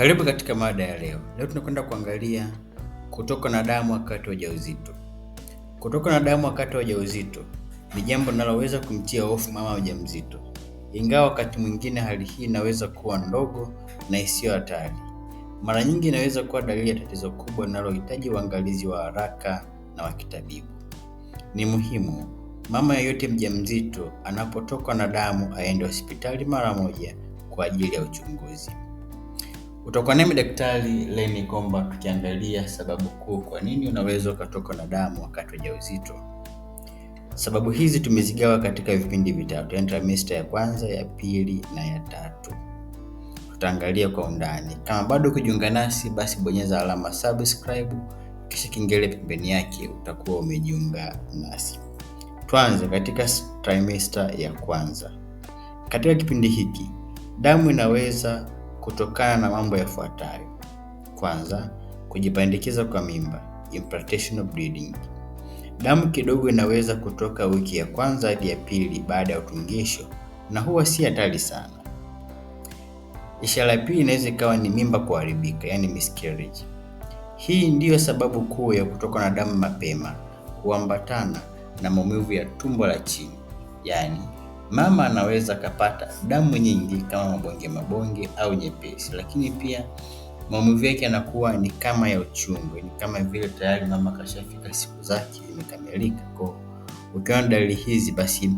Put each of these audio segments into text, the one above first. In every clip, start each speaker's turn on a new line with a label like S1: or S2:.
S1: Karibu katika mada ya leo. Leo tunakwenda kuangalia kutokwa na damu wakati wa ujauzito. Kutokwa na damu wakati wa ujauzito ni jambo linaloweza kumtia hofu mama mjamzito, ingawa wakati mwingine hali hii inaweza kuwa ndogo na isiyo hatari. Mara nyingi inaweza kuwa dalili ya tatizo kubwa linalohitaji uangalizi wa haraka na wa kitabibu. Ni muhimu mama yeyote mjamzito anapotokwa na damu aende hospitali mara moja kwa ajili ya uchunguzi. Utakuwa nami Daktari Lenny Komba tukiangalia sababu kuu kwa nini unaweza ukatoka na damu wakati wa ujauzito. Sababu hizi tumezigawa katika vipindi vitatu, yaani trimester ya kwanza, ya pili na ya tatu. Tutaangalia kwa undani. Kama bado kujiunga nasi, basi bonyeza alama subscribe kisha kengele pembeni yake, utakuwa umejiunga nasi. Tuanze katika trimester ya kwanza. Katika kipindi hiki damu inaweza kutokana na mambo yafuatayo. Kwanza, kujipandikiza kwa mimba implantational bleeding. Damu kidogo inaweza kutoka wiki ya kwanza hadi ya pili baada ya utungisho na huwa si hatari sana. Ishara ya pili inaweza ikawa ni mimba kuharibika, yani miscarriage. Hii ndiyo sababu kuu ya kutoka na damu mapema, huambatana na maumivu ya tumbo la chini, yani mama anaweza akapata damu nyingi kama mabonge mabonge au nyepesi, lakini pia maumivu yake yanakuwa ni kama ya uchungu, ni kama vile tayari mama kashafika siku zake imekamilika. Kwa ukiona dalili hizi, basi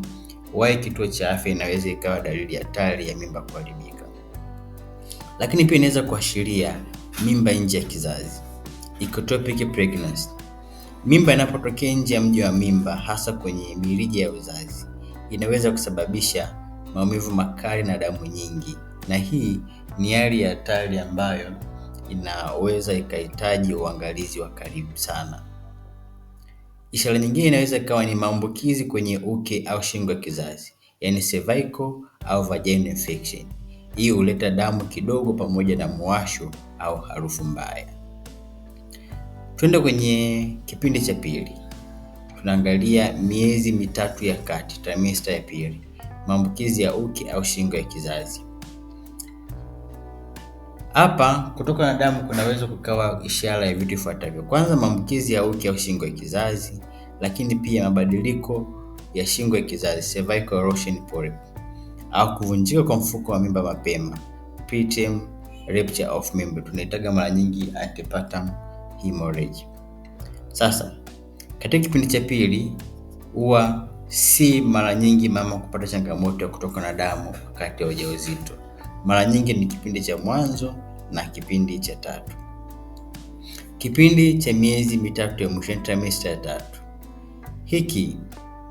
S1: wahi kituo cha afya, inaweza ikawa dalili hatari ya mimba kuharibika. Lakini pia inaweza kuashiria mimba nje ya kizazi, ectopic pregnancy. Mimba inapotokea nje ya mji wa mimba, hasa kwenye mirija ya uzazi inaweza kusababisha maumivu makali na damu nyingi, na hii ni hali ya hatari ambayo inaweza ikahitaji uangalizi wa karibu sana. Ishara nyingine inaweza ikawa ni maambukizi kwenye uke au shingo ya kizazi, yani cervical au vaginal infection. Hii huleta damu kidogo pamoja na muwasho au harufu mbaya. Twende kwenye kipindi cha pili tunaangalia miezi mitatu ya kati, trimester ya pili, maambukizi ya uke au shingo ya kizazi. Hapa kutoka na damu kunaweza kukawa ishara ya vitu ifuatavyo: kwanza, maambukizi ya uke au shingo ya kizazi, lakini pia mabadiliko ya shingo ya kizazi cervical erosion polyp, au kuvunjika kwa mfuko wa mimba mapema preterm rupture of membrane, tunaitaga mara nyingi antepartum hemorrhage. Sasa katika kipindi cha pili, huwa si mara nyingi mama kupata changamoto ya kutokwa na damu wakati wa ujauzito. Mara nyingi ni kipindi cha mwanzo na kipindi cha tatu. Kipindi cha miezi mitatu ya mwisho trimester ya tatu, hiki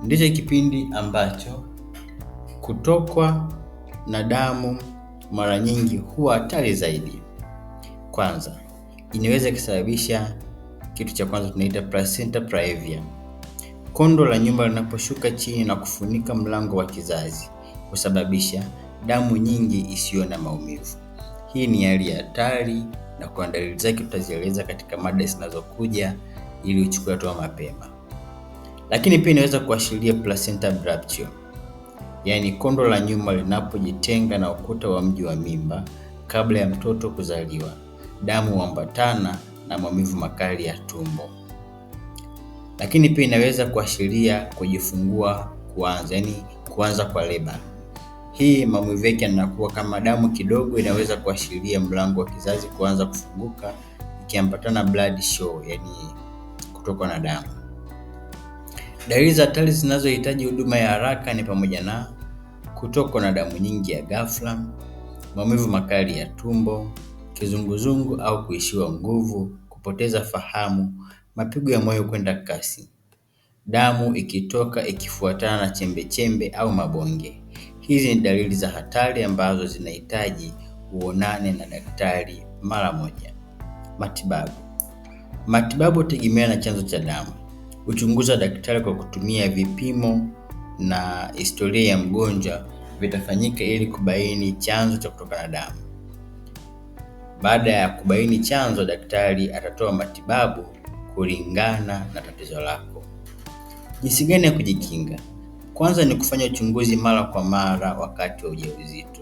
S1: ndicho kipindi ambacho kutokwa na damu mara nyingi huwa hatari zaidi. Kwanza, inaweza ikasababisha kitu cha kwanza tunaita placenta praevia. Kondo la nyumba linaposhuka chini na kufunika mlango wa kizazi husababisha damu nyingi isiyo na maumivu. Hii ni hali ya hatari na kwa dalili zake tutazieleza katika mada zinazokuja ili uchukue hatua mapema. Lakini pia inaweza kuashiria placenta abruptio, yaani kondo la nyuma linapojitenga na ukuta wa mji wa mimba kabla ya mtoto kuzaliwa. Damu huambatana na maumivu makali ya tumbo. Lakini pia inaweza kuashiria kujifungua kuanza, yani kuanza kwa leba. Hii maumivu yake yanakuwa kama damu kidogo, inaweza kuashiria mlango wa kizazi kuanza kufunguka ikiambatana blood show, yani kutokwa na damu. Dalili za hatari zinazohitaji huduma ya haraka ni pamoja na kutokwa na damu nyingi ya ghafla, maumivu makali ya tumbo, kizunguzungu au kuishiwa nguvu, kupoteza fahamu, mapigo ya moyo kwenda kasi, damu ikitoka ikifuatana na chembechembe au mabonge. Hizi ni dalili za hatari ambazo zinahitaji uonane na daktari mara moja. Matibabu. Matibabu hutegemea na chanzo cha damu. Uchunguzi wa daktari kwa kutumia vipimo na historia ya mgonjwa vitafanyika ili kubaini chanzo cha kutokana na damu. Baada ya kubaini chanzo, daktari atatoa matibabu kulingana na tatizo lako. Jinsi gani ya kujikinga? Kwanza ni kufanya uchunguzi mara kwa mara wakati wa ujauzito.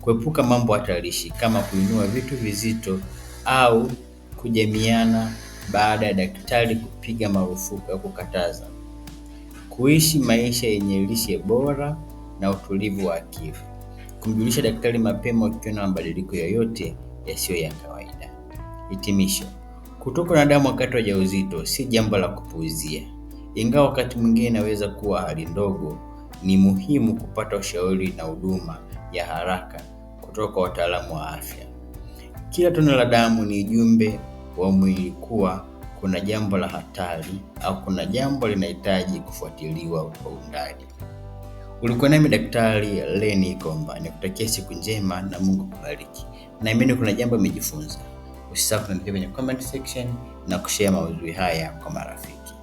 S1: Kuepuka mambo hatarishi kama kuinua vitu vizito au kujamiana baada ya daktari kupiga marufuku ya kukataza. Kuishi maisha yenye lishe bora na utulivu wa akili. Kumjulisha daktari mapema ukiona mabadiliko yoyote yasiyo ya kawaida. Hitimisho: kutokwa na damu wakati wa ujauzito si jambo la kupuuzia, ingawa wakati mwingine inaweza kuwa hali ndogo. Ni muhimu kupata ushauri na huduma ya haraka kutoka kwa wataalamu wa afya. Kila tone la damu ni ujumbe wa mwili kuwa kuna jambo la hatari au kuna jambo linahitaji kufuatiliwa kwa undani. Ulikuwa nami Daktari leni Komba, nikutakia siku njema na Mungu kubariki. Naamini kuna jambo umejifunza. Usisahau kuniandikia kwenye comment section na kushare maudhui haya kwa marafiki.